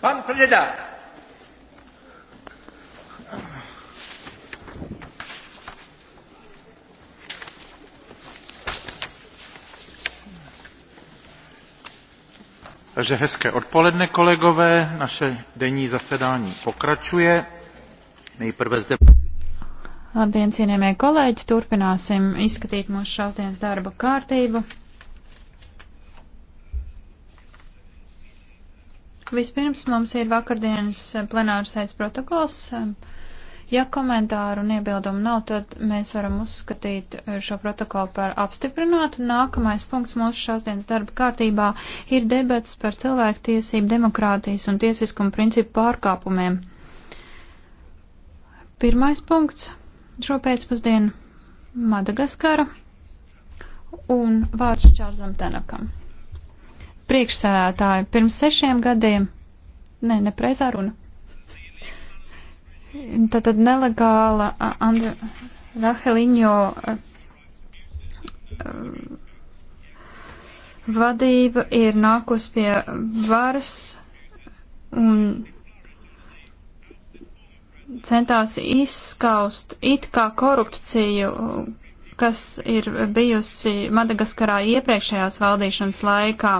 Pan Preda. Takže hezké odpoledne, kolegové. Naše denní zasedání pokračuje. Nejprve zde. Labdien, cienījamie kolēģi, turpināsim izskatīt mūsu šodienas darba kārtību. Vispirms mums ir vakardienas plenārsēdes protokols. Ja komentāru un iebildumu nav, tad mēs varam uzskatīt šo protokolu par apstiprinātu. Nākamais punkts mūsu šodienas darba kārtībā ir debats par cilvēktiesību, demokrātijas un tiesiskuma principu pārkāpumiem. Pirmais punkts šo pēcpusdienu Madagaskara un vārds Čārzam Tenakam priekšsēdētāji, pirms sešiem gadiem, nē, ne, nepreizā runa, tad, tad nelegāla Andra Raheliņo vadība ir nākus pie varas un centās izskaust it kā korupciju, kas ir bijusi Madagaskarā iepriekšējās valdīšanas laikā.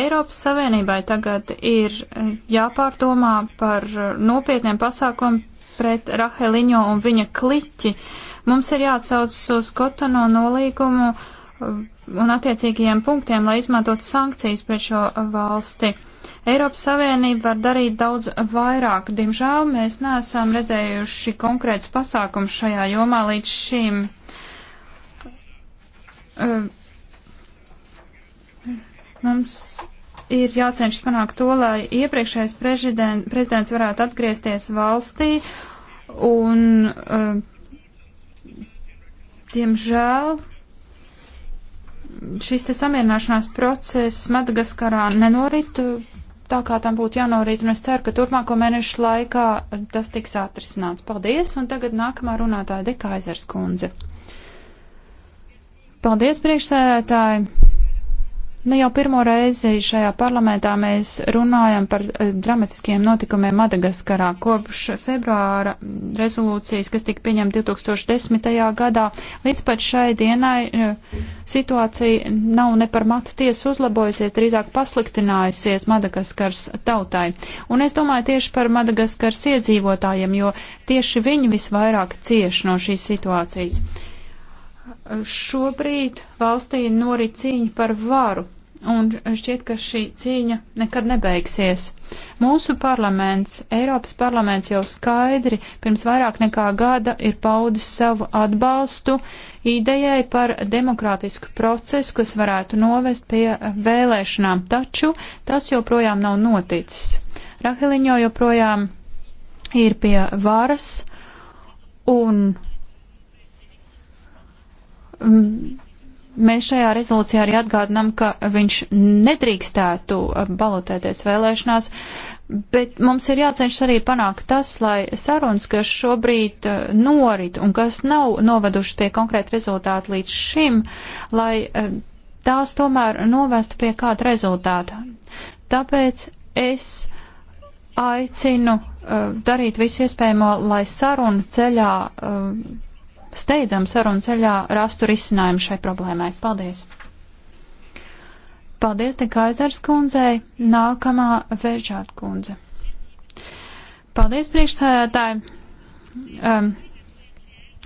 Eiropas Savienībai tagad ir jāpārdomā par nopietniem pasākumiem pret Raheliņo un viņa kliķi. Mums ir jāatsaucas uz Kotono nolīgumu uh, un attiecīgajiem punktiem, lai izmantotu sankcijas pret šo valsti. Eiropas Savienība var darīt daudz vairāk. Diemžēl mēs neesam redzējuši konkrēts pasākums šajā jomā līdz šim. Uh, Mums ir jācenšas panākt to, lai iepriekšējais prezident, prezidents varētu atgriezties valstī un, diemžēl, šis te samierināšanās process Madagaskarā nenorit tā, kā tam būtu jānorīt, un es ceru, ka turpmāko mēnešu laikā tas tiks atrisināts. Paldies, un tagad nākamā runātāja Dekaizers kundze. Paldies, priekšsēdētāji! Ne nu, jau pirmo reizi šajā parlamentā mēs runājam par eh, dramatiskiem notikumiem Madagaskarā. Kopš februāra rezolūcijas, kas tika pieņemta 2010. gadā, līdz pat šai dienai eh, situācija nav ne par matu tiesu uzlabojusies, drīzāk pasliktinājusies Madagaskars tautai. Un es domāju tieši par Madagaskars iedzīvotājiem, jo tieši viņi visvairāk cieš no šīs situācijas. Šobrīd valstī norit cīņa par varu, un šķiet, ka šī cīņa nekad nebeigsies. Mūsu parlaments, Eiropas parlaments jau skaidri pirms vairāk nekā gada ir paudis savu atbalstu idejai par demokrātisku procesu, kas varētu novest pie vēlēšanām, taču tas joprojām nav noticis. Raheliņo joprojām ir pie varas un Mm, mēs šajā rezolūcijā arī atgādinām, ka viņš nedrīkstētu uh, balotēties vēlēšanās, bet mums ir jācenšas arī panākt tas, lai sarunas, kas šobrīd uh, norit un kas nav novedušas pie konkrēta rezultāta līdz šim, lai uh, tās tomēr novestu pie kāda rezultāta. Tāpēc es aicinu darīt visu iespējamo, lai sarunu ceļā steidzam sarunu ceļā rastu risinājumu šai problēmai. Paldies! Paldies, te Kaisers kundzei, nākamā Vežģāt kundze. Paldies, priekšstādātāji! Um,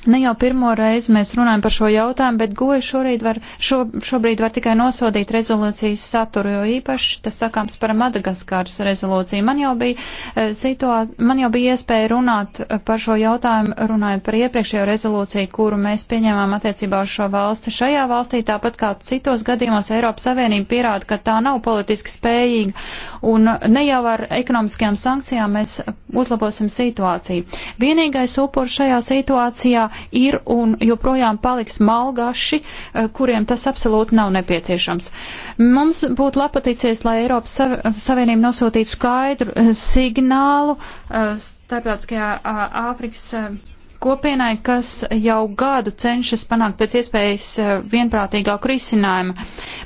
Ne jau pirmo reizi mēs runājam par šo jautājumu, bet goja šorīt var, šo, šobrīd var tikai nosodīt rezolūcijas saturu, jo īpaši tas sakāms par Madagaskāras rezolūciju. Man jau bija, e, situā, man jau bija iespēja runāt par šo jautājumu, runājot par iepriekšējo rezolūciju, kuru mēs pieņēmām attiecībā uz šo valsti. Šajā valstī, tāpat kā citos gadījumos, Eiropas Savienība pierāda, ka tā nav politiski spējīga, un ne jau ar ekonomiskajām sankcijām mēs uzlabosim situāciju. Vienīgais upurs šajā situācijā Eiropā ir un joprojām paliks malgaši, eh, kuriem tas absolūti nav nepieciešams. Mums būtu lapaticies, lai Eiropas Savienība nosūtītu skaidru eh, signālu eh, starptautiskajā Āfrikas kopienai, kas jau gadu cenšas panākt pēc iespējas vienprātīgāku risinājumu.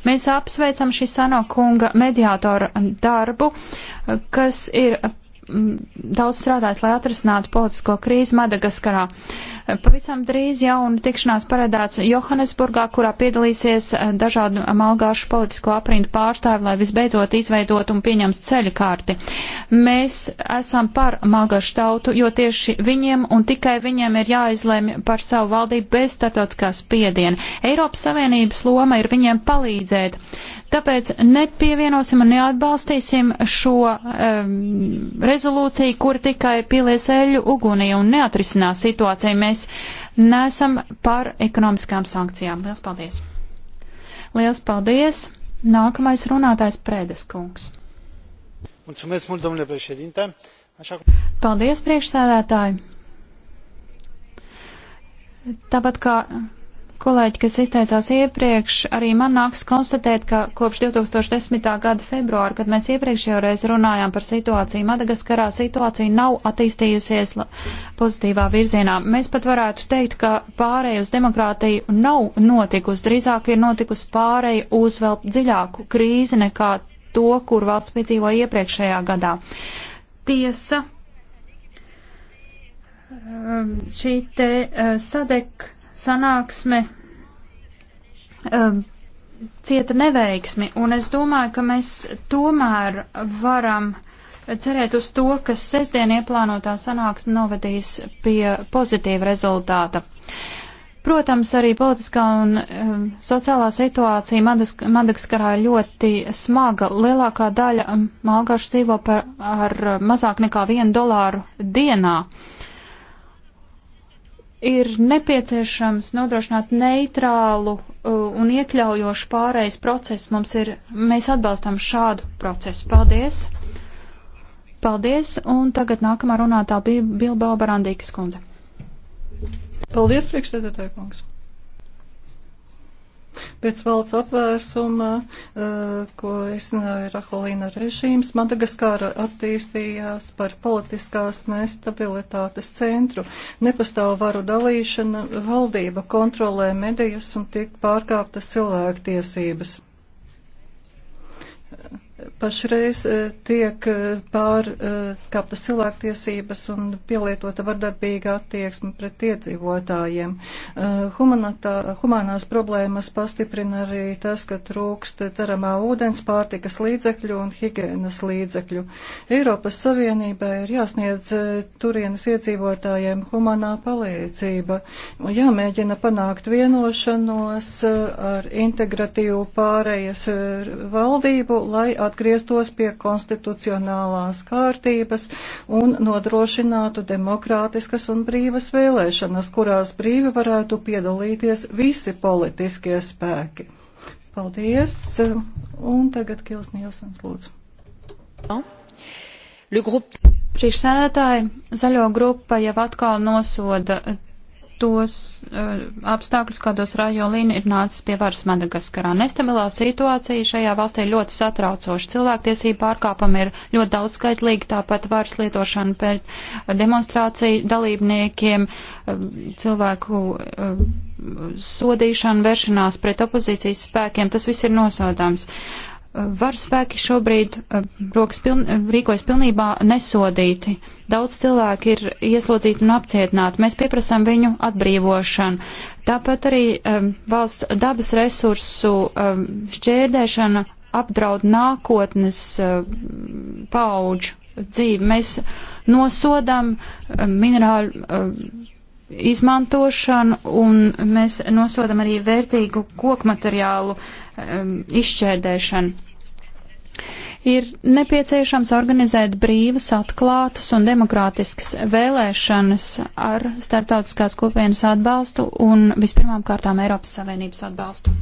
Mēs apsveicam šī Sano kunga mediātora darbu, kas ir daudz strādājis, lai atrisinātu politisko krīzi Madagaskarā. Uh, Pavisam drīz jauna tikšanās paredzēts Johannesburgā, kurā piedalīsies eh, dažādu malgāšu politisko aprindu pārstāvi, lai visbeidzot izveidot un pieņemt ceļu kārti. Mēs esam par malgāšu tautu, jo tieši viņiem un tikai viņiem ir jāizlēm par savu valdību bez starptautiskā spiediena. Eiropas Savienības loma ir viņiem palīdzēt. Tāpēc nepievienosim un neatbalstīsim šo um, rezolūciju, kur tikai pilies eļu ugunī un neatrisinās situāciju. Mēs nesam par ekonomiskām sankcijām. Lielas paldies! Lielas paldies! Nākamais runātājs Prēdes kungs. Mulțumesc mult, domnule președinte. Așa cum... Paldies, priekšsēdētāji. Tāpat kā kolēģi, kas izteicās iepriekš, arī man nāks konstatēt, ka kopš 2010. gada februāra, kad mēs iepriekšējo reizi runājām par situāciju Madagaskarā, situācija nav attīstījusies pozitīvā virzienā. Mēs pat varētu teikt, ka pārēju uz demokrātiju nav notikusi, drīzāk ir notikusi pārēju uz vēl dziļāku krīzi nekā to, kur valsts piedzīvoja iepriekšējā gadā. Tiesa, um, šī te uh, sadek sanāksme um, cieta neveiksmi, un es domāju, ka mēs tomēr varam cerēt uz to, ka sestdien ieplānotā sanāksme novedīs pie pozitīva rezultāta. Protams, arī politiskā un um, sociālā situācija Madask Madagaskarā ir ļoti smaga. Lielākā daļa malgašu dzīvo par, ar mazāk nekā vienu dolāru dienā. Uh, ir nepieciešams nodrošināt neitrālu uh, un iekļaujošu pārējais procesu. Mums ir, mēs atbalstam šādu procesu. Paldies! Paldies! Un tagad nākamā runātā bija Bilbao Barandīkas kundze. Paldies, priekšsēdētāji kungs! Pēc valsts apvērsuma, eh, ko izcināja Raholīna režīms, Madagaskāra attīstījās par politiskās nestabilitātes centru. Nepastāv varu dalīšana, valdība kontrolē medijas un tiek pārkāptas cilvēktiesības pašreiz e, tiek e, pārkāptas e, cilvēktiesības un pielietota vardarbīga attieksme pret iedzīvotājiem. Humanatā, humanās problēmas pastiprina arī tas, ka trūkst ceramā ūdens, pārtikas līdzekļu un higienas līdzekļu. Eiropas Savienībai ir jāsniedz turienes iedzīvotājiem humanā palīdzība un jāmēģina panākt vienošanos ar integratīvu pārējas valdību, lai atgrieztos pie konstitucionālās kārtības un nodrošinātu demokrātiskas un brīvas vēlēšanas, kurās brīvi varētu piedalīties visi politiskie spēki. Paldies, un tagad Kils Nielsens lūdzu. Priekšsēdētāji, zaļo grupa jau atkal nosoda tos uh, apstākļus, kādos Rajolīna ir nācis pie varas Madagaskarā. Nestabilā situācija šajā valstī ir ļoti satraucoša. Cilvēktiesība pārkāpumi ir ļoti daudzskaitlīgi, tāpat varas lietošana pret demonstrāciju dalībniekiem, uh, cilvēku uh, sodīšana, vēršanās pret opozīcijas spēkiem, tas viss ir nosodāms. Uh, Varas spēki šobrīd eh, rokas piln, rīkojas pilnībā nesodīti. Daudz cilvēku ir ieslodzīti un apcietināti. Mēs pieprasām viņu atbrīvošanu. Tāpat arī um, valsts dabas resursu um, šķērdēšana apdraud nākotnes um, paauģu dzīvi. Mēs nosodam um, minerālu. Um, izmantošanu un mēs nosodam arī vērtīgu kokmateriālu uh, um, izšķērdēšanu. Ir nepieciešams organizēt brīvas, atklātas un demokrātiskas vēlēšanas ar starptautiskās kopienas atbalstu un vispirmām kārtām Eiropas Savienības atbalstu.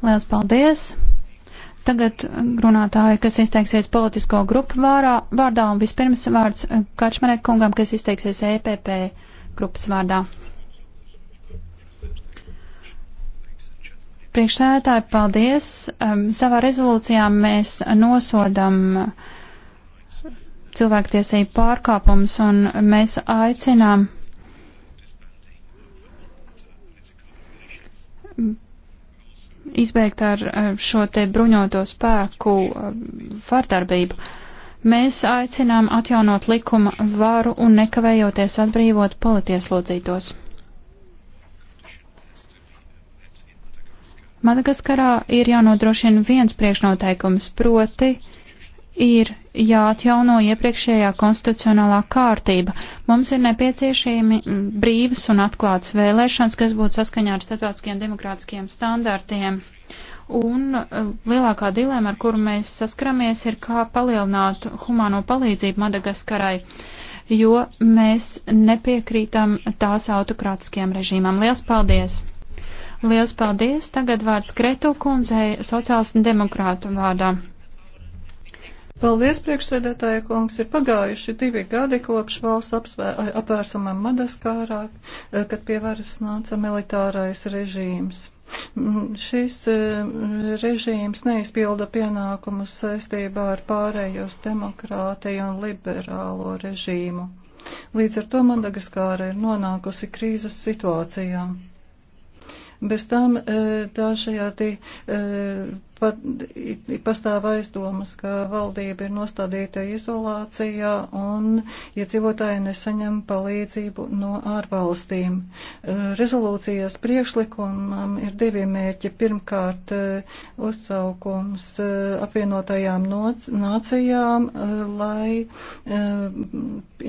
Lielas paldies! Tagad runātāji, kas izteiksies politisko grupu vārā, vārdā un vispirms vārds Kačmarek kungam, kas izteiksies EPP grupas vārdā. Priekšsēdētāji, paldies. Um, savā rezolūcijā mēs nosodam cilvēktiesību pārkāpumus un mēs aicinām izbeigt ar šo te bruņoto spēku um, vardarbību. Mēs aicinām atjaunot likuma varu un nekavējoties atbrīvot politieslodzītos. Madagaskarā ir jānodrošina viens priekšnoteikums, proti ir jāatjauno iepriekšējā konstitucionālā kārtība. Mums ir nepieciešami brīvas un atklātas vēlēšanas, kas būtu saskaņā ar starptautiskiem demokrātiskiem standartiem. Un eh, lielākā dilēma, ar kuru mēs saskaramies, ir kā palielināt humāno palīdzību Madagaskarai, jo mēs nepiekrītam tās autokrātiskajam režīmam. Lielas paldies! Liels paldies! Tagad vārds Kretu kundzei sociāls un demokrātu vārdā. Paldies, priekšsēdētāja kungs. Ir pagājuši divi gadi kopš valsts apvērsumam Madaskārā, kad pie varas nāca militārais režīms. Šis režīms neizpilda pienākumus saistībā ar pārējos demokrātiju un liberālo režīmu. Līdz ar to Madagaskāra ir nonākusi krīzes situācijā. Bez tam eh, tā šajā te pat pastāv aizdomas, ka valdība ir nostādīta izolācijā un iedzīvotāji ja nesaņem palīdzību no ārvalstīm. E, rezolūcijas priekšlikumam ir divi mērķi. Pirmkārt, e, uzsaukums e, apvienotajām nācijām, lai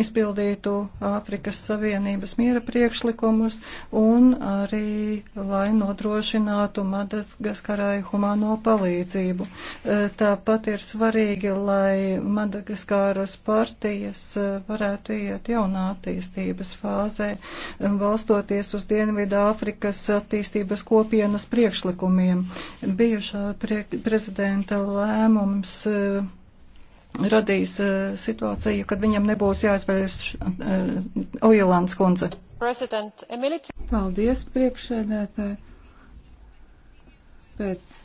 izpildītu Āfrikas Savienības miera priekšlikumus un arī, lai nodrošinātu Madagaskarai humāno palīdzību palīdzību. E, tāpat ir svarīgi, lai Madagaskāras partijas e, varētu iet jaunā attīstības fāzē, e, balstoties uz Dienvidu Āfrikas attīstības kopienas priekšlikumiem. Bijušā prie prezidenta lēmums radīs situāciju, kad viņam nebūs jāizvērš Ojelāns kundze. Paldies, priekšsēdētāji. Pēc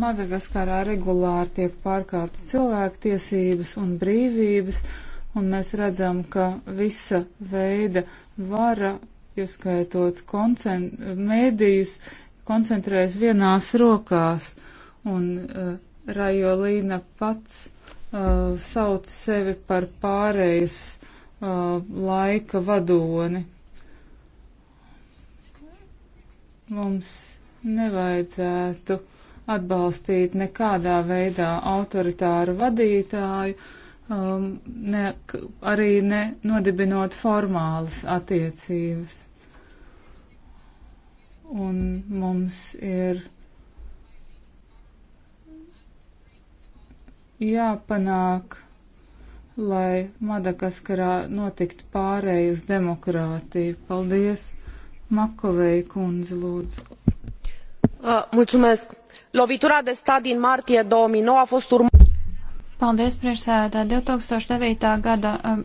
Madagaskarā regulāri tiek pārkāptas cilvēktiesības un brīvības, un mēs redzam, ka visa veida vara, ieskaitot koncent mēdījus, koncentrējas vienās rokās, un uh, Rajolīna pats uh, sauc sevi par pārējas uh, laika vadoni. Mums nevajadzētu atbalstīt nekādā veidā autoritāru vadītāju, um, ne, arī ne nodibinot formālas attiecības. Un mums ir jāpanāk, lai Madagaskarā notikt pārēj uz demokrātiju. Paldies, Makovei kundze, lūdzu. Uh, lovitura de stat din martie două mii nouă a fost urmată. Paldies, priekšsēdētāji. 2009. gada uh,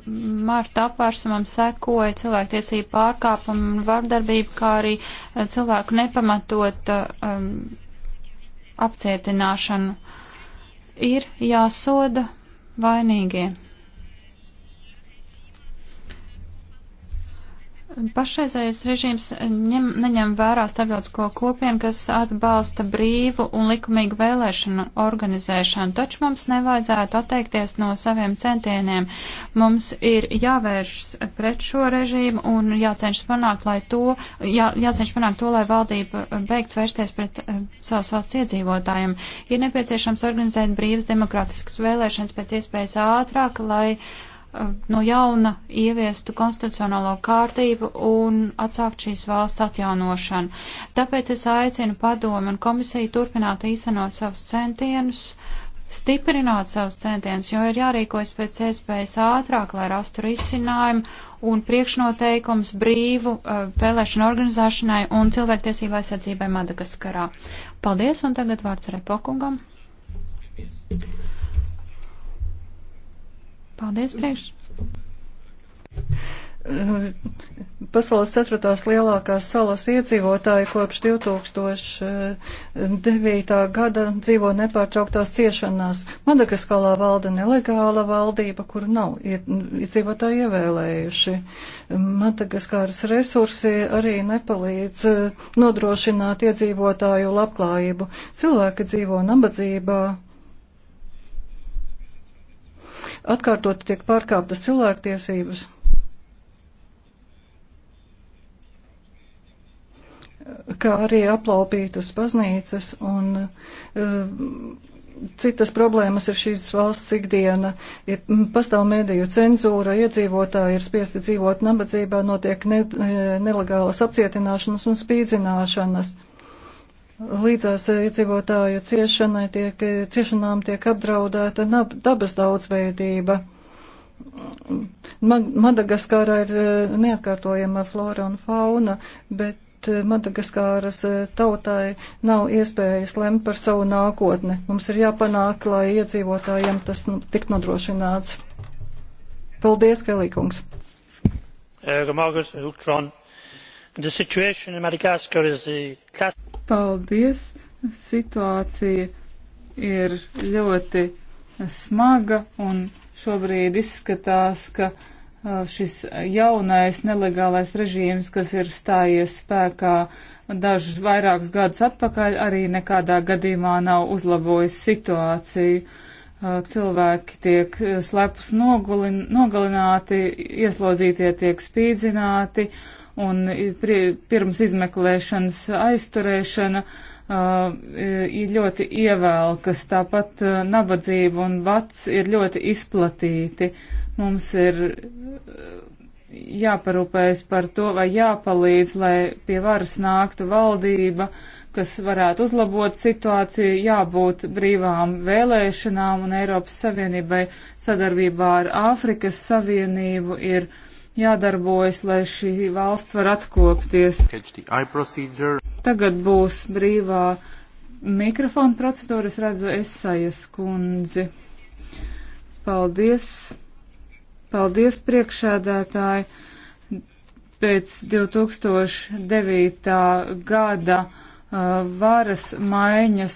marta apvērsumam sekoja cilvēktiesību pārkāpumu un vardarbību, kā arī uh, cilvēku nepamatot um, apcietināšanu. Ir jāsoda vainīgie. Pašreizējais režīms ņem, neņem vērā starptautisko kopienu, kas atbalsta brīvu un likumīgu vēlēšanu organizēšanu, taču mums nevajadzētu atteikties no saviem centieniem. Mums ir jāvēršas pret šo režīmu un jācenšas panākt, lai to, jā, jācenšas panākt to, lai valdība beigtu vērsties pret uh, eh, savus valsts iedzīvotājiem. Ir nepieciešams organizēt brīvas demokrātiskas vēlēšanas pēc iespējas ātrāk, lai uh, no jauna ieviestu konstitucionālo kārtību un atsākt šīs valsts atjaunošanu. Tāpēc es aicinu padomu un komisiju turpināt īstenot savus centienus, stiprināt savus centienus, jo ir jārīkojas pēc iespējas ātrāk, lai rastu risinājumu un priekšnoteikums brīvu uh, vēlēšanu organizēšanai un cilvēktiesību aizsardzībai Madagaskarā. Paldies, un tagad vārds Repokungam. Thank you. Paldies, priekš! Uh, pasaules ceturtās lielākās salas iedzīvotāji kopš 2009. gada dzīvo nepārtrauktās ciešanās. Madagaskalā valda nelegāla valdība, kuru nav iedzīvotāji ievēlējuši. Madagaskāras resursi arī nepalīdz uh, nodrošināt iedzīvotāju labklājību. Cilvēki dzīvo nabadzībā atkārtot tiek pārkāptas cilvēktiesības. kā arī aplaupītas baznīcas un uh, citas problēmas ir šīs valsts ikdiena. Ir, pastāv mediju cenzūra, iedzīvotāji ir spiesti dzīvot nabadzībā, notiek ne, e, nelegālas apcietināšanas un spīdzināšanas. Uh, līdzās iedzīvotāju ciešanai tiek, ciešanām tiek apdraudēta dabas daudzveidība. Madagaskārā ir eh, neatkārtojama flora un fauna, bet eh, Madagaskāras eh, tautai nav iespējas lemt par savu nākotni. Mums ir jāpanāk, lai iedzīvotājiem tas nu, tik nodrošināts. Paldies, Kelīkungs! The situation in Madagascar is the classic Paldies! Situācija ir ļoti smaga un šobrīd izskatās, ka uh, šis jaunais nelegālais režīms, kas ir stājies spēkā dažus vairākus gadus atpakaļ, arī nekādā gadījumā nav uzlabojis situāciju. Uh, cilvēki tiek uh, slepus nogalināti, ieslodzītie tiek spīdzināti un pirms izmeklēšanas aizturēšana uh, ir ļoti ievēlkas, tāpat uh, nabadzība un vats ir ļoti izplatīti. Mums ir jāparūpējas par to vai jāpalīdz, lai pie varas nāktu valdība, kas varētu uzlabot situāciju, jābūt brīvām vēlēšanām un Eiropas Savienībai sadarbībā ar Āfrikas Savienību ir jādarbojas, lai šī valsts var atkopties. Tagad būs brīvā mikrofona procedūra, es redzu esajas kundzi. Paldies, paldies priekšādātāji. Pēc 2009. gada uh, varas maiņas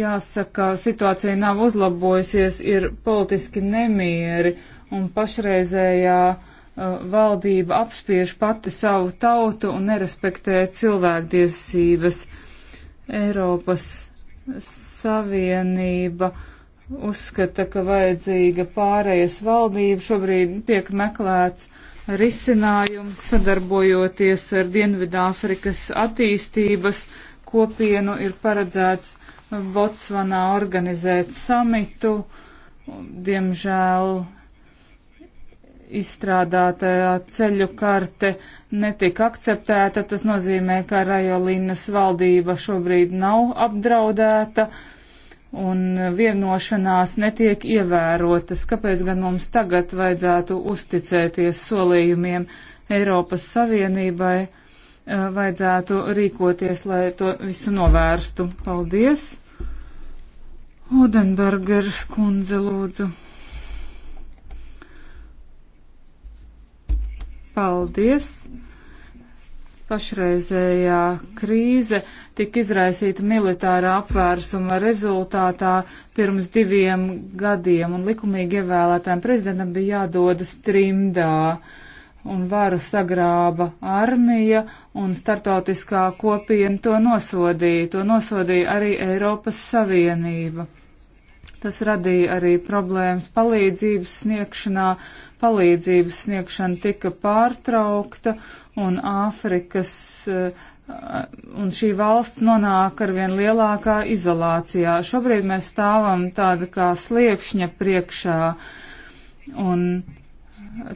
jāsaka, situācija nav uzlabojusies, ir politiski nemieri un pašreizējā uh, Uh, valdība apspiež pati savu tautu un nerespektē cilvēktiesības. Eiropas Savienība uzskata, ka vajadzīga pārējas valdība. Šobrīd tiek meklēts risinājums sadarbojoties ar Dienvidāfrikas attīstības kopienu ir paredzēts Botsvanā organizēt samitu. Diemžēl izstrādātajā ceļu karte netika akceptēta. Tas nozīmē, ka Rajolīnas valdība šobrīd nav apdraudēta un vienošanās netiek ievērotas. Kāpēc gan mums tagad vajadzētu uzticēties solījumiem Eiropas Savienībai? Eh, vajadzētu rīkoties, lai to visu novērstu. Paldies! Odenbergers kundze lūdzu. Paldies! Pašreizējā krīze tika izraisīta militārā apvērsuma rezultātā pirms diviem gadiem, un likumīgi ievēlētājiem prezidentam bija jādodas trimdā, un varu sagrāba armija, un startautiskā kopiena to nosodīja. To nosodīja arī Eiropas Savienība. Tas radīja arī problēmas palīdzības sniegšanā. Palīdzības sniegšana tika pārtraukta un Āfrikas eh, un šī valsts nonāk ar vien lielākā izolācijā. Šobrīd mēs stāvam tāda kā sliekšņa priekšā un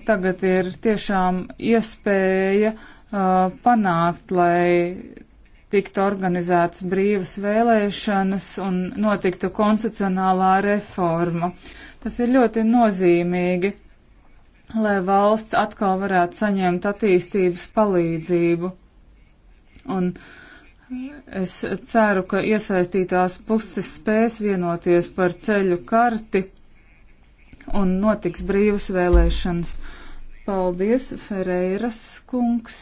tagad ir tiešām iespēja uh, panākt, lai tiktu organizētas brīvas vēlēšanas un notiktu konstitucionālā reforma. Tas ir ļoti nozīmīgi, lai valsts atkal varētu saņemt attīstības palīdzību. Un es ceru, ka iesaistītās puses spēs vienoties par ceļu karti un notiks brīvas vēlēšanas. Paldies, Ferreiras kungs,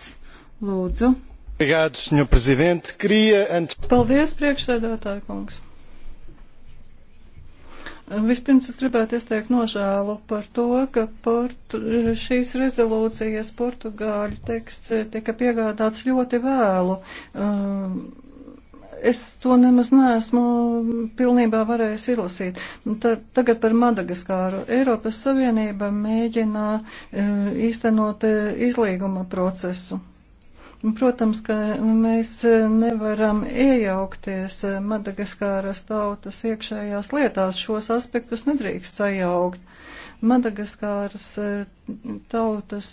lūdzu. Paldies, priekšsēdētāji kungs! Vispirms es gribētu izteikt nožēlu par to, ka portu, šīs rezolūcijas portugāļu teksts tika piegādāts ļoti vēlu. Um, es to nemaz neesmu pilnībā varējis izlasīt. Ta, tagad par Madagaskāru. Eiropas Savienība mēģina um, īstenot uh, izlīguma procesu Protams, ka mēs e, nevaram iejaukties e, Madagaskāras tautas iekšējās lietās, šos aspektus nedrīkst sajaukt. Madagaskāras e, tautas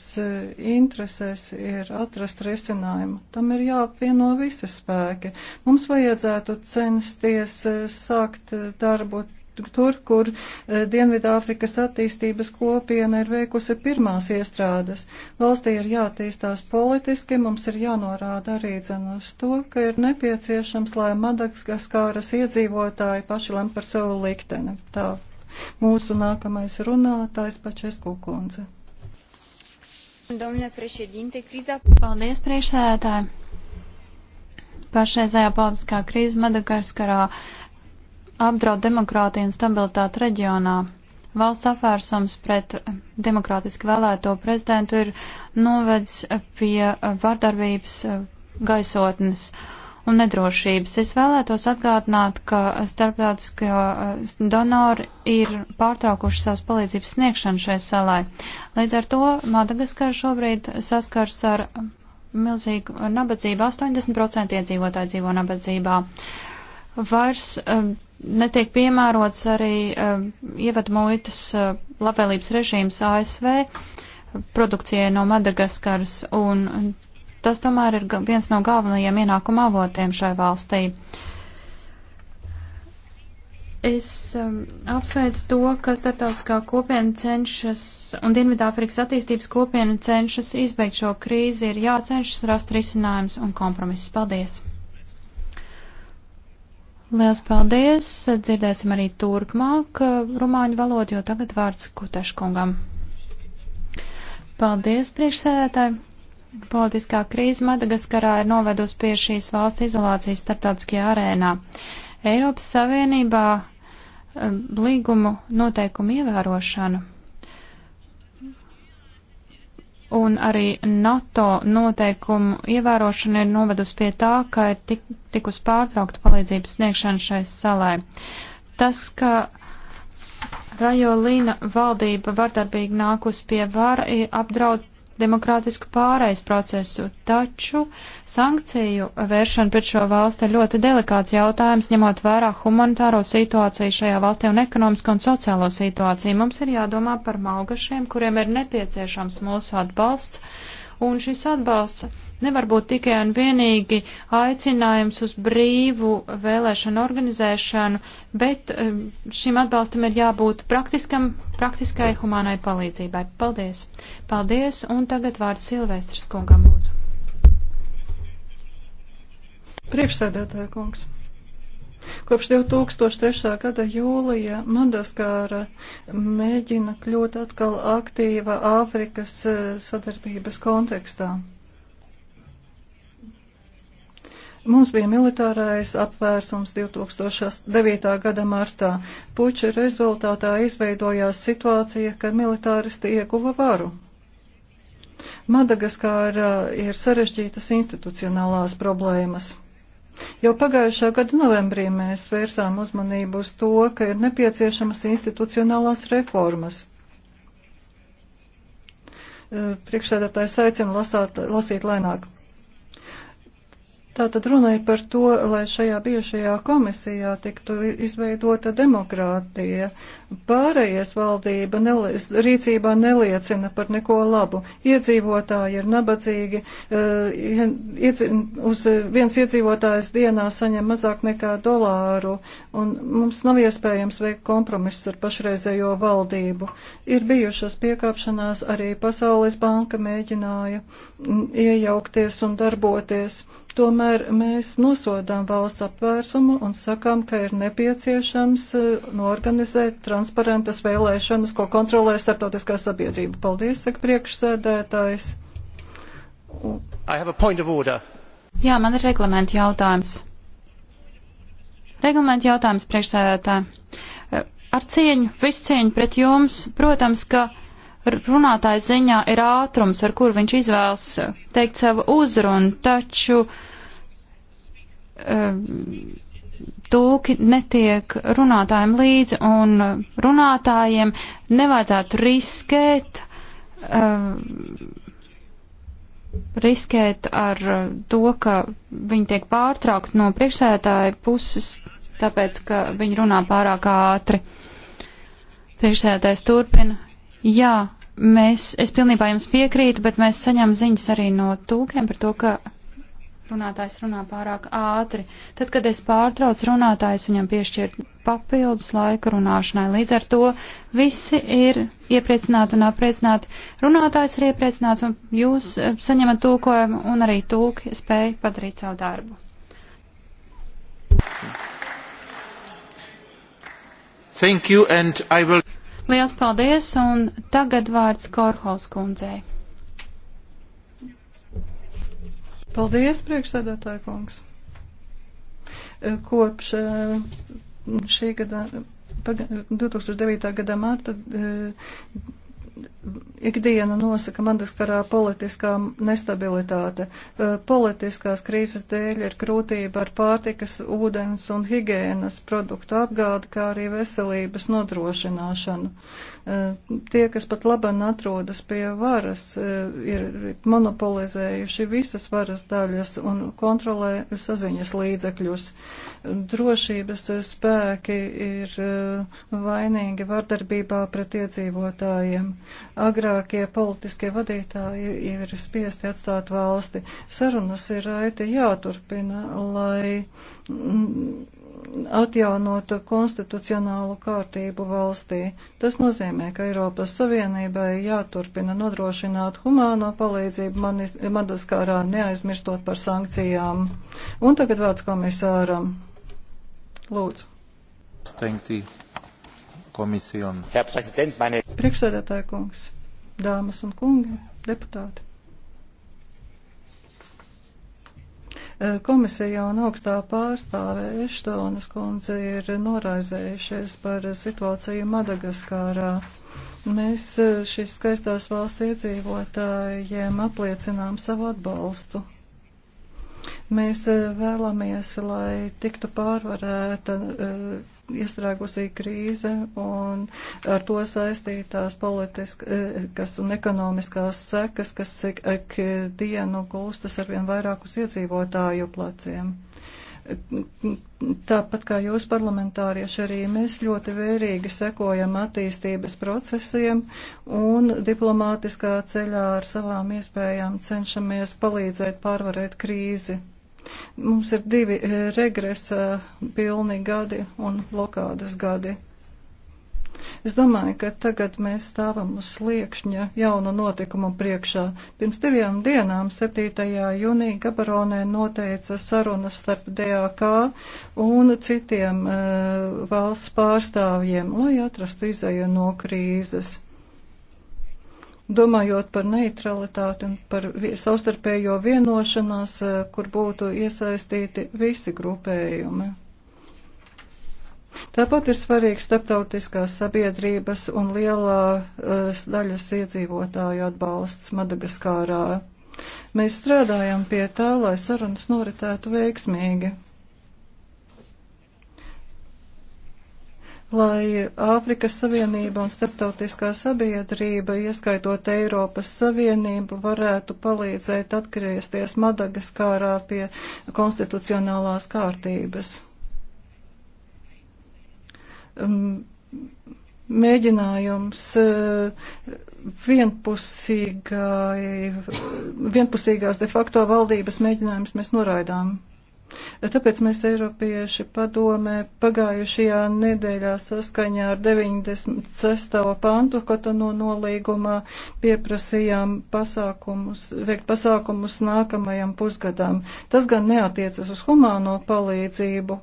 interesēs ir atrast risinājumu. Tam ir jāapvieno visi spēki. Mums vajadzētu censties sākt darbu tur, kur eh, Dienvidāfrikas attīstības kopiena ir veikusi pirmās iestrādes. Valstī ir jātīstās politiski, mums ir jānorāda arī dzen uz to, ka ir nepieciešams, lai Madagaskāras iedzīvotāji paši lem par savu likteni. Tā mūsu nākamais runātājs Pačesku kundze. Domnule președinte, criza... Paldies, priekšsēdētāji! Pašreizējā politiskā krīze Madagaskarā apdraud demokrātiju un stabilitāti reģionā. Valsts apvērsums pret demokrātiski vēlēto prezidentu ir novedis pie vardarbības gaisotnes un nedrošības. Es vēlētos atgādināt, ka starptautiskie donori ir pārtraukuši savas palīdzības sniegšanu šai salai. Līdz ar to Madagaskar šobrīd saskars ar milzīgu nabadzību. 80% iedzīvotāji dzīvo nabadzībā. Vairs eh, netiek piemērots arī uh, um, ievadmuitas uh, labvēlības režīms ASV produkcijai no Madagaskaras, un tas tomēr ir viens no galvenajiem ienākuma avotiem šai valstī. Es um, apsveicu to, ka starptautiskā kopiena cenšas un Dienvidāfrikas attīstības kopiena cenšas izbeigt šo krīzi, ir jācenšas rast risinājums un kompromiss. Paldies! Liels paldies! Dzirdēsim arī turpmāk uh, rumāņu valodu, jo tagad vārds Kutaškungam. Paldies, priekšsēdētāji! Politiskā krīze Madagaskarā ir novedusi pie šīs valsts izolācijas starptautiskajā arēnā. Eiropas Savienībā um, līgumu noteikumu ievērošana un arī NATO noteikumu ievērošana ir novedusi pie tā, ka ir tik, tikus pārtraukta palīdzības sniegšana šai salai. Tas, ka Rajolīna valdība vardarbīgi nākus pie vara, apdraud demokrātisku pārējais procesu, taču sankciju vēršana pret šo valsti ir ļoti delikāts jautājums, ņemot vērā humanitāro situāciju šajā valstī un ekonomisko un sociālo situāciju. Mums ir jādomā par malgašiem, kuriem ir nepieciešams mūsu atbalsts, un šis atbalsts nevar būt tikai un vienīgi aicinājums uz brīvu vēlēšanu organizēšanu, bet um, šim atbalstam ir jābūt praktiskam, praktiskai humānai palīdzībai. Paldies! Paldies! Un tagad vārds Silvestris kungam lūdzu. Priekšsēdētāja kungs. Kopš 2003. gada jūlija Madaskāra mēģina kļūt atkal aktīva Āfrikas eh, sadarbības kontekstā. Mums bija militārais apvērsums 2009. gada martā. Puča rezultātā izveidojās situācija, kad militāristi ieguva varu. Madagaskārā ir sarežģītas institucionālās problēmas. Jau pagājušā gada novembrī mēs vērsām uzmanību uz to, ka ir nepieciešamas institucionālās reformas. Priekšsēdētājs aicina lasāt, lasīt lēnāk. Tātad runa ir par to, lai šajā bijušajā komisijā tiktu izveidota demokrātija. Pārējais valdība neliec, rīcībā neliecina par neko labu. Iedzīvotāji ir nabadzīgi, eh, iedzi, uz viens iedzīvotājs dienā saņem mazāk nekā dolāru, un mums nav iespējams veikt kompromisus ar pašreizējo valdību. Ir bijušas piekāpšanās, arī Pasaules banka mēģināja mm, iejaukties un darboties. Tomēr mēs nosodām valsts apvērsumu un sakām, ka ir nepieciešams e, norganizēt transparentas vēlēšanas, ko kontrolē starptautiskā sabiedrība. Paldies, saka priekšsēdētājs. Jā, man ir reglamenta jautājums. Reglamenta jautājums priekšsēdētāji. E, ar cieņu, visu cieņu pret jums, protams, ka runātāja ziņā ir ātrums, ar kur viņš izvēlas e, teikt savu uzrunu, taču uh, Ehm, tūki netiek runātājiem līdzi, un runātājiem nevajadzētu riskēt, ehm, riskēt ar to, ka viņi tiek pārtraukti no priekšsētāja puses, tāpēc, ka viņi runā pārāk ātri. Priekšsētājs turpina. Jā, mēs, es pilnībā jums piekrītu, bet mēs saņem ziņas arī no tūkiem par to, ka runātājs runā pārāk ātri. Tad, kad es pārtraucu runātājs, viņam piešķir papildus laiku runāšanai. Līdz ar to visi ir iepriecināti un apriecināti. Runātājs ir iepriecināts un jūs eh, saņemat tūkojumu un arī tūki spēja padarīt savu darbu. Thank you and I will. Liels paldies un tagad vārds Korhols kundzei. Paldies, priekšsēdētāji kungs. E, kopš e, šī gada, 2009. gada marta e, ikdiena nosaka mandakskarā politiskā nestabilitāte. Politiskās krīzes dēļ ir grūtība ar pārtikas, ūdens un higienas produktu apgādi, kā arī veselības nodrošināšanu. Tie, kas pat laban atrodas pie varas, ir monopolizējuši visas varas daļas un kontrolē saziņas līdzekļus drošības spēki ir eh, vainīgi vardarbībā pret iedzīvotājiem. Agrākie politiskie vadītāji ir spiesti atstāt valsti. Sarunas ir aiti jāturpina, lai mm, atjaunot konstitucionālu kārtību valstī. Tas nozīmē, ka Eiropas Savienībai jāturpina nodrošināt humāno palīdzību Madaskārā, neaizmirstot par sankcijām. Un tagad vārds komisāram. Lūdzu. Priekšsēdētāja kungs, dāmas un kungi, deputāti. Eh, komisija un augstā pārstāve Eštonas kundze ir noraizējušies par situāciju Madagaskārā. Mēs eh, šīs skaistās valsts iedzīvotājiem apliecinām savu atbalstu Mēs eh, vēlamies, lai tiktu pārvarēta eh, iestrēgusī krīze un ar to saistītās politiskas eh, un ekonomiskās sekas, kas ik dienu gulstas arvien vairāk uz iedzīvotāju pleciem. Tāpat kā jūs parlamentārieši arī mēs ļoti vērīgi sekojam attīstības procesiem un diplomātiskā ceļā ar savām iespējām cenšamies palīdzēt pārvarēt krīzi. Mums ir divi eh, regresa pilni gadi un blokādas gadi. Es domāju, ka tagad mēs stāvam uz sliekšņa jaunu notikumu priekšā. Pirms divām dienām, 7. jūnija, Gabaronē noteica sarunas starp DAK un citiem uh, valsts pārstāvjiem, lai atrastu izēju no krīzes domājot par neutralitāti un par savstarpējo vienošanās, eh, kur būtu iesaistīti visi grupējumi. Tāpat ir svarīga starptautiskās sabiedrības un lielā uh, daļas iedzīvotāju atbalsts Madagaskārā. Mēs strādājam pie tā, lai sarunas noritētu veiksmīgi. lai Āfrikas Savienība un starptautiskā sabiedrība, ieskaitot Eiropas Savienību, varētu palīdzēt atgriezties Madagaskārā pie konstitucionālās kārtības. Um, mēģinājums uh, vienpusīgās de facto valdības mēģinājums mēs noraidām. Tāpēc mēs Eiropieši padomē pagājušajā nedēļā saskaņā ar 96. pantu Kotonu nolīgumā pieprasījām pasākumus, veikt pasākumus nākamajam pusgadam. Tas gan neatiecas uz humāno palīdzību.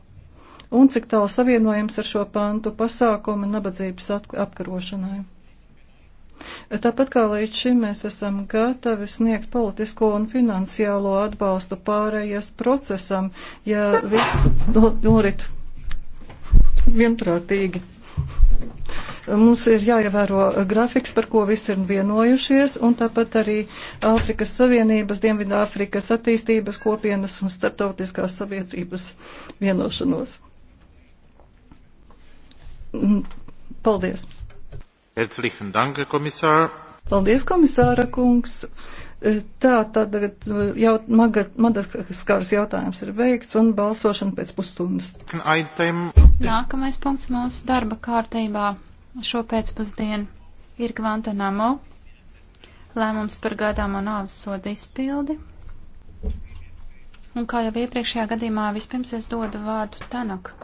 Un cik tālu savienojums ar šo pantu pasākumu nabadzības apkarošanai. Tāpat kā līdz šim mēs esam gatavi sniegt politisko un finansiālo atbalstu pārējas procesam, ja viss nu, norit vienprātīgi. Mums ir jāievēro grafiks, par ko visi ir vienojušies, un tāpat arī Āfrikas Savienības, Dienvidāfrikas attīstības kopienas un starptautiskās savietības vienošanos. Paldies! Herzlichen Dank, komisār. Paldies, komisāra kungs. E, tā, tad tagad e, jau Madagaskaras jautājums ir veikts un balsošana pēc pusstundas. Nākamais punkts mūsu darba kārtībā šo pēcpusdienu ir Guantanamo lēmums par gadāmo nāves sodu izpildi. Un kā jau iepriekšējā gadījumā, vispirms es dodu vārdu Tanaka kungam.